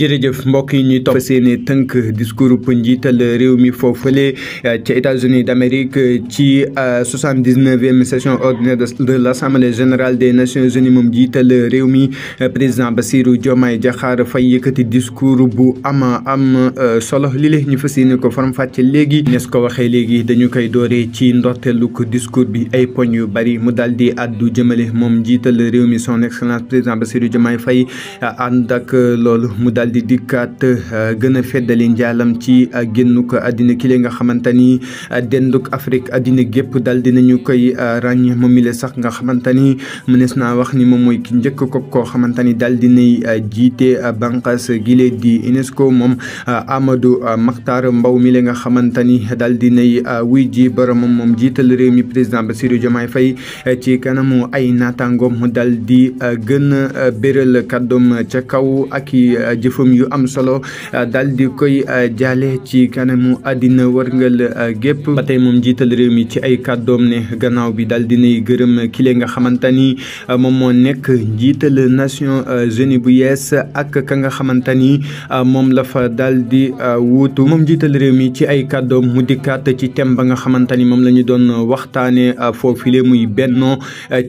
jërëjëf mbokk yi ñuy topp seeni tënk discours bu njiital réew mi foofale euh, ci États-Unis d'Amérique ci euh, soixante-dix-neuvième session ordinaire de l'Assemblée générale des Nations Unies moom njiital réew mi euh, président Bassirou Diomaye Diakhar Faye yëkkati discours bu ama am solo li lée ñu fas yéene ko faram-fàcce léegi nes ko waxee léegi dañu koy dooree ci ndorteelu ko discours bi ay poñ yu bari mu daal di addu jëmale moom njiital réew mi son excellence président Bassirou Diomaye Faye ànd ak loolu mu daal di dikkaat euh, gën a feddali njaalam ci euh, génnuk àddina ki nga xamante ni euh, denduk Afrique àddina gépp daal dinañu koy ràññ moom mi sax nga xamante ni mënees na wax ni moom mooy ki njëkk ko koo xamante ni daal dinay jiite banqaas gile di UNESCO moom Amadou Makhtar Mbow mi nga xamante ni daal dinay wuy ji boromam moom jiital réew mi président Bassirou Diomaye Faye ci kanamu ay naataangoom dal di gën a kàddoom ca kaw ak i jëf jëfam yu am solo euh, daal di koy euh, jaale ci kanamu àddina warngal euh, gépp ba tey moom jiital réew mi ci ay kàddoom ne gannaaw bi daal dinay gërëm kile nga xamante ni moom moo nekk jiital Nations Unies bu yees ak ka nga xamante ni moom la fa daal di wuutu moom jiital réew mi ci ay kàddoom mu dikkaat ci thème ba nga xamante ni moom la ñu doon waxtaane foofile muy bennoo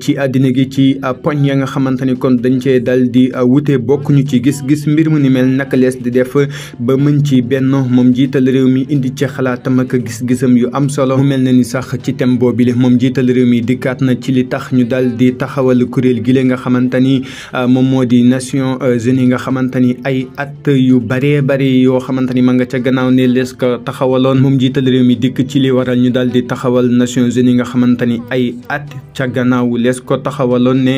ci àddina gi ci poñ ya nga xamante ni kon dañ cee daal di wuute ci gis-gis mbir mu ni mel naka lees di def ba mën ci benn moom jiital réew mi indi ci xalaatam ak gis-gisam yu am solo mu mel na ni sax ci thème boobile moom jiital réew mi dikkaat na ci li tax ñu daal di taxawal kuréel gi nga xamante ni ah, moom moo di Nations Unies yi nga xamante ni ay at yu baree bari yoo xamante ni ma nga ca gannaaw ne lees taxawaloon moom jiital réew mi dikk ci li waral ñu daal di taxawal nation Unies yi nga xamante ni ay at ca gannaaw lees ko taxawaloon ne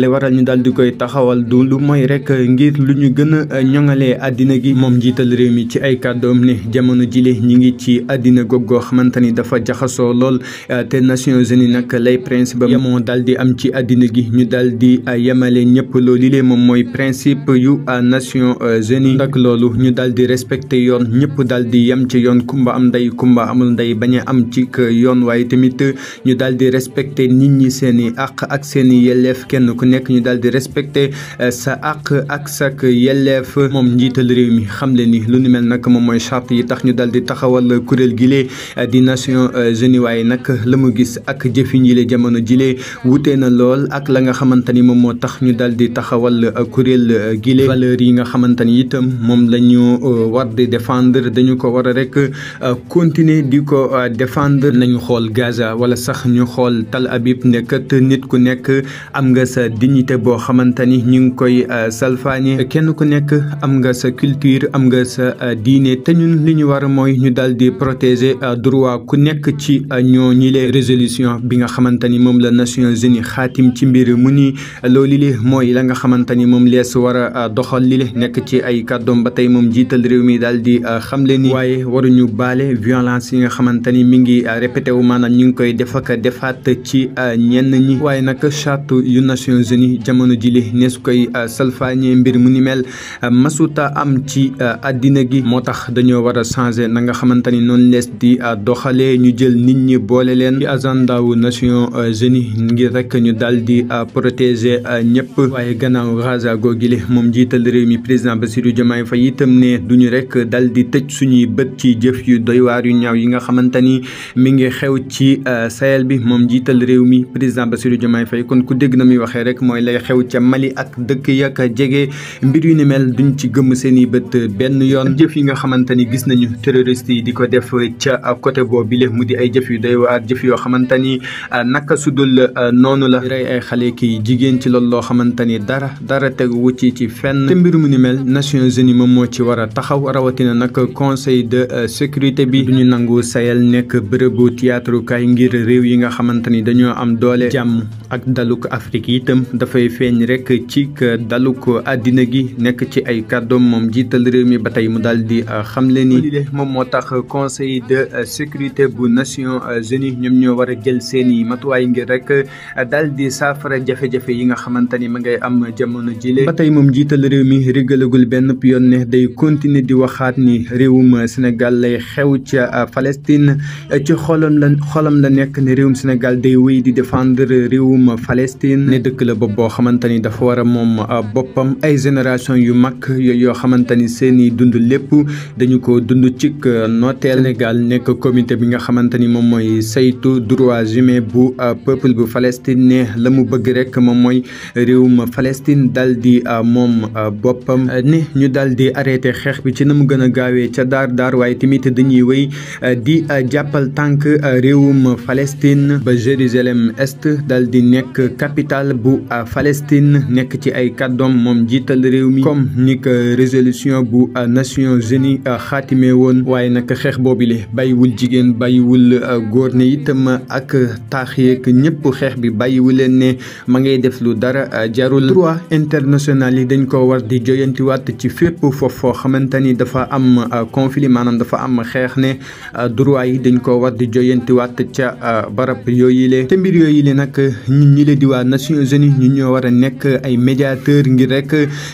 li waral ñu daal di koy taxawal du lu mooy rek ngir lu ñu gën ñoŋalee àddina gi moom njiital réew mi ci ay kàddoom ne jamono jile ñi ngi ci àddina goog goo xamante ni dafa jaxasoo lool te Nations Unies nag lay principe yamoo daal di am ci àddina gi ñu daal di yemale ñëpp loolu lee moom mooy principe yu Nations Unies ndak loolu ñu daal di respecté yoon ñëpp daal di yem ci yoon kumba am ndey kumba amul ndey bañ am ci yoon waaye tamit ñu daal di respecté nit ñi seen i àq ak seen i yelleef kenn ku nekk ñu daal di respecté sa àq ak sa yelleef moom njiital réew mi xam le ni lu nu mel nag moom mooy charte yi tax ñu dal di taxawal kuréel gile euh, di nation euh, Unies waaye nag la mu gis ak jëfin yi jamono jilee wutee na lool ak la nga xamante ni moom moo tax ñu dal di taxawal euh, kuréel gilee valeurs yi nga xamante ni itam moom la ñu war di défendre dañu ko war a rek continuer di ko défendre nañu xool Gaza wala sax ñu xool Tal Abib nekkat nit ku nekk am nga sa dignité boo xamante ni ñu ngi koy salfaani kenn ku nekk am nga sa culture am nga sa euh, diine te ñun li ñu war mooy ñu daal di protéger euh, droit ku nekk ci euh, ñoo ñi lee résolution bi nga xamante ni moom la nation Unies xaatim ci mbir mu ni loolu li mooy la nga xamante ni moom lees war a doxal li nekk ci ay kàddoom ba tey moom jiital réew mi daal di xamle ni waaye waruñu baale violence yi nga xamante ni mi ngi répété wu maanaam ñu ngi koy def ak defaat ci ñenn ñi waaye nag charte yu nation Unies jamono ji li nees koy salfaañe mbir masuta am ci euh, àddina gi moo tax dañoo war a changer na nga xamante ni noonu lees di euh, doxalee ñu jël nit ñi boole leen ci agenda wu Nations euh, Unies ngir rek ñu daal di protéger ñëpp waaye gannaaw Gaza googile moom njiital réew mi président Bassirou Diomaye Faye itam ne duñu rek dal di tëj suñuy bët ci jëf yu doy waar yu ñaaw yi nga xamante ni mi ngi xew ci Sahel bi moom jiital réew mi président Bassirou Diomaye Faye kon ku dégg na muy waxee rek mooy lay xew ca Mali ak dëkk ya yoon ci gëmm seeni bët benn yoon jëf yi nga xamante ni gis nañu terroriste yi di ko def ca côté boo bi mu di ay jëf yu doy waar jëf yoo xamante ni ah, naka sudul ah, noonu la rey ay xale ki jigéen ci loolu loo xamante ni dara dara tegu wucci ci fenn mbir mu ni mel Nations Unies moom moo ci war a taxaw rawatina nag conseil de ah, sécurité bi ñu nangu Sahel nekk bërëbu tiyaatarukaay ngir réew yi nga xamante ni dañoo am doole jàmm ak daluk yi itam dafay feeñ rek ci daluk àddina gi ay kàddoom moom jiital réew mi ba tey mu daal di euh, xamle ni moom moo tax conseil de euh, sécurité bu nation Unies ñoom ñoo war a jël seeni matuwaay ngir rek euh, daal di saafara jafe-jafe yi nga xamante ni ma ngay am jamono jile. ba tey moom jiital réew mi rigalagul benn yoon ne day continuer di waxaat ni réewum Sénégal lay xew ca Palestine ci xolam la nekk ne réewum Sénégal day wéy di défendre réewum Palestine ne dëkk la boo xamante boppam ay génération yu mag. yoo xamante ni seen i dund lépp dañu ko dund ci nooteel Sénégal nekk comité bi nga xamante ni moom mooy saytu droits humains bu euh, peuple bu Palestine ne la mu bëgg rek moom mooy réewum Palestine dal di euh, moom euh, boppam ne ñu dal di arrêté xeex bi ci na mu gën a gaawee ca daar daar waaye tamit dañuy wéy di jàppal tànk réewum Palestine ba Jérusalem Est dal di nekk capitale bu Palestine nekk ci ay kàddoom moom jiital réew mi comme ni que euh, résolution bu euh, Nations Unies euh, xaatime woon waaye nag xeex boobile bàyyiwul jigéen bàyyiwul góor ne itam ak taax yeeg ñëpp xeex bi bàyyiwu leen ne ma ngay def lu dara jarul droit international yi dañ ko war di joyantiwaat ci fépp foofu foo xamante ni dafa am conflit maanaam dafa am xeex ne droit yi dañ ko war di joyantiwaat ca barab yooyu le te mbir yooyu le nag ñi le di waa Nations Unies ñu ñoo war nekk ay médiateur ngir rek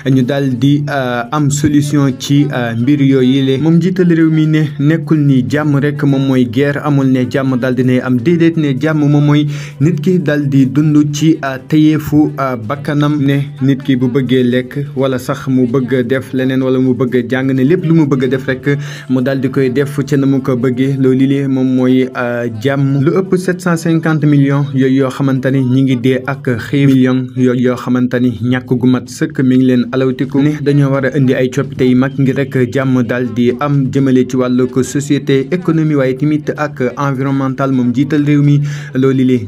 ñu daal Euh, am solution ci euh, mbir yooyu le moom jiital réew mi ne nekkul ni jàmm rek moom mooy guerre amul ne jàmm daal dinay am déedéet ne jàmm moom mooy nit ki daal di dund ci euh, fu bakkanam ne nit ki bu bëggee lekk wala sax mu bëgg def leneen wala mu bëgg jàng ne lépp lu mu bëgg def rekk mu daal di koy def ci ne mu ko bëggee loolu le moom mooy jàmm lu ëpp 750 millions yooyu yoo xamante ni ñi ngi dee ak xiif millions yooyu yoo xamante ni ñàkk gu mat sëkk mi ngi leen alawtiku dañoo a indi ay coppite yu mag ngir rek di am jëmale ci wàllu société économie waaye tamit ak environnemental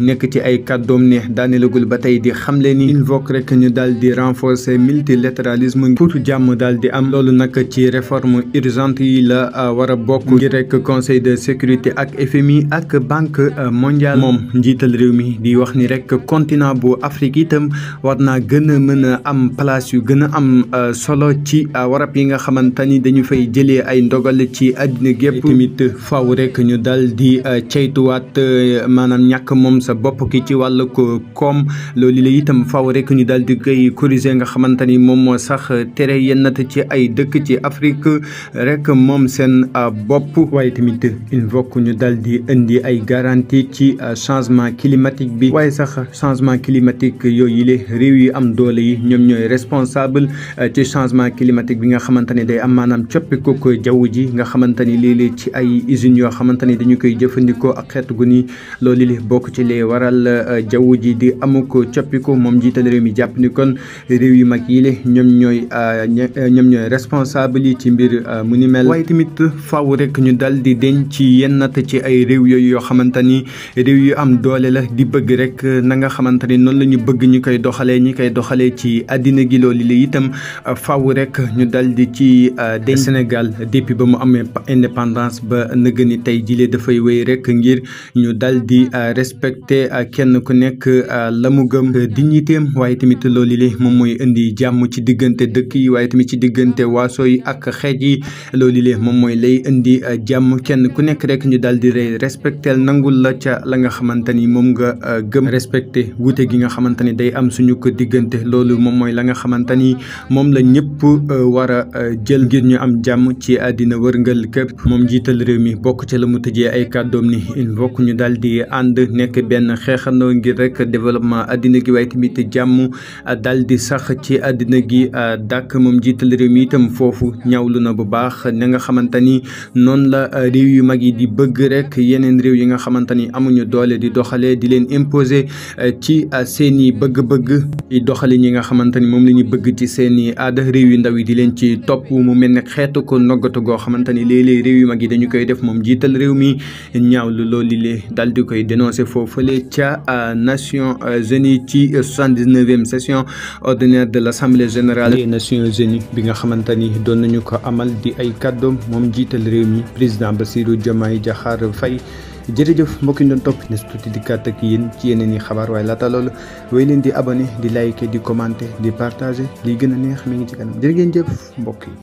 nekk ci ay kàddoom ne daaneelagul ba tey di xamle ni il faut rek ñu daal di renforcer multilatéralisme pour jàmm daal di am loolu nag ci réforme urgente yi la euh, war a bokk ngir rek conseil de sécurité ak FMI ak banque euh, mondiale moom njiital réew mi di wax ni rek continent bu Afrique itam war naa gën a a am place yu gën a am euh, solo solo ci warab yi nga xamante ni dañu fay jëlee ay ndogal ci àddina gépp tamit faw rekk ñu dal di euh, ceytuwaat euh, maanaam ñàkk moom sa bopp ki ci wàllu koom loolu la itam faw rekk ñu dal di koy corriger nga xamante ni moom moo sax tere yennat ci ay dëkk ci Afrique rek moom seen euh, bopp waaye tamit il ñu dal di indi ay garantie ci changement climatique bi waaye sax changement climatique yooyu yile réew yi am doole yi ñoom ñooy responsable ci changement changement climatique bi nga xamante ne day am maanaam coppiku ko jaww ji nga xamante ni léeg ci ay yoo xamante ni dañu koy jëfandikoo ak xeetu gu ni loolu li bokk ci lee waral euh, jaww ji di amu ko coppiku moom jiital réew jàpp ni kon réew yu mag yi le ñoom ñooy euh, euh, ñoom ñooy responsable yi ci mbir mu ni mel. waaye tamit faaw rekk ñu dal di denc ci yenn natt ci ay réew yooyu yoo xamante ni réew yu am doole la di bëgg rek na nga xamante ni noonu la bëgg ñu koy doxalee ñi koy doxalee ci àddina gi loolu li itam faaw rek ñu dal di ci euh, de Sénégal depuis ba mu amee indépendance ba ni tey jile dafay wéy rek ngir ñu dal di euh, respecter euh, kenn ku nekk la mu gëm dignitéem waaye tamit loolu moom mooy indi jàmm ci diggante dëkk yi waaye tamit ci diggante waaso yi ak xeej yi loolu li moom mooy lay indi jàmm kenn ku nekk rekk ñu dal di rey respecteel nangul la ca la nga xamante ni moom nga gëm respecté wute gi nga xamante ni day am suñu ko diggante loolu moom mooy la nga xamante moom la ñëpp ñëpp euh, war a euh, jël ngir ñu am jàmm ci àddina wërngal képp moom njiital réew mi bokk ca la mu tëjee ay kàddoom ni bokkuñu faut daal di ànd nekk benn xeexandoo ngir rek développement àddina gi waaye tamit jàmm euh, daal di sax ci àddina gi dàkk moom njiital réew mi itam foofu ñawlu na bu baax na nga xamante ni noonu la réew yu mag yi di bëgg rek yeneen réew yi nga xamante ni amuñu doole di doxalee di leen imposer ci seeni bëgg-bëgg di doxale ñi nga xamante moom la ñu réew yu ndaw yi di leen ci topp mu mel ne xeetu ko noggatu goo xamante ni léeg réew yu mag yi dañu koy def moom jiital réew mi ñaaw ñaawlu loolu li daal di koy dénoncé foofale ca euh, nation Unies ci soixante dix session ordinaire de l'Assemblée générale des Nations Unies bi nga xamante ni doon nañu ko amal di ay kàddoom moom jiital réew mi président Bassirou Diomaye jaxaar fay jërëjëf mbokk yi doon topp nes di dikkaat ak yéen ci yeneen i xabaar waaye laata loolu way leen di abonné di liker di commenter di partager liy gën a neex mi ngi ci kanam jërë ngeen jëf mbokk yi